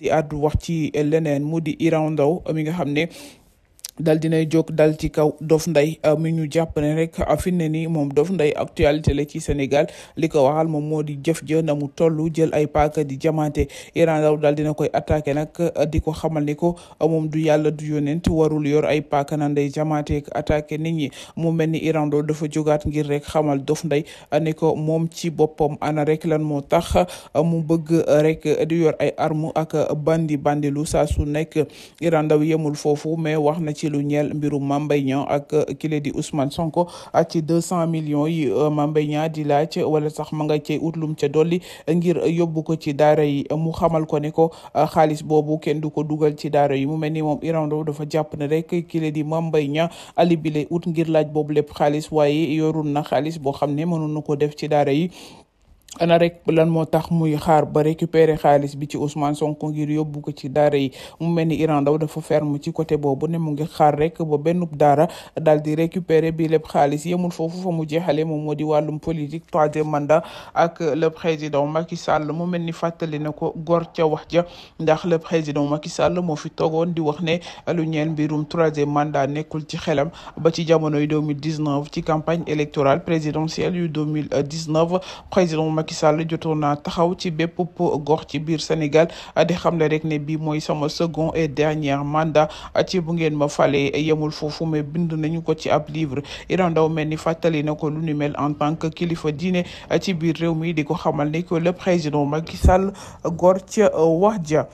di àddu wax ci leneen mu di Iran Ndao mi nga xam ne dal dinay jóg dal ci kaw Dof Ndeye euh, mi ñu jàpp ne rek euh, fi ne nii moom Dof Ndeye actualité la ci Sénégal li ko waxal moom moo di jëf jë na mu toll jël ay paaka di jamante Iran Ndao dal dina koy attaqué nag euh, di ko xamal ni ko moom du yàlla du yonent warul yor ay paaka nan day jamante attaqué nit ñi mu mel ni Iran Ndao dafa jógaat ngir rek xamal Dof Ndeye ni ko moom ci boppam ana rek lan moo tax mu bëgg rek di yor ay armu ak bandi bandilu saa su nekk Iran lu ñeel mbirum Mame Mbaye ak euh, kile di Ousmane Sonko ah, ci deux cent millions yi euh, ma Mbaye di laaj wala sax ma nga cey lum ca dolli ngir yóbbu ko ci daara yi mu xamal ko ne ko euh, xaalis boobu kenn du ko dugal ci daara yi mu mel ni moom Iran Ndao dafa jàpp ne rek kile di Mame Mbaye Niang ali ut ngir laaj boobu lépp xaalis waaye yorul na xaalis boo xam ne mënoon na ko def ci daara yi ana rek lan moo tax muy xaar ba récupérer xaalis bi ci Ousmane Sonko ngir yóbbu ko ci daara yi mu mel ni Iran Ndao dafa ferme ci côté boobu ne mu ngi xaar rek bo benn daara dal di récupérer bi lépp xaalis yemul foofu fa mu jeexale moom moo di wàllum politique troisième mandat ak le président Macky Sall mu mel ni fàttali na ko gor ca wax ja ndax le président maki Sall moo fi toogoon di wax ne lu ñeel mbirum troisième mandat nekkul ci xelam ba ci jamonoy 2019 ci campagne électorale présidentielle yu 2019 président Macky Sall jotoon naa taxaw ci bépp gox ci biir Sénégal di xamle rek ne bii mooy sama second et dernier mandat ci bu ngeen ma falee yemul foofu me bind nañu ko ci ab livre Iran Ndaw mel ni fàttali na ko lu ni mel en tant que kilifa diine ci biir réew mi di ko xamal ne que le président Macky Sall gor ca wax ja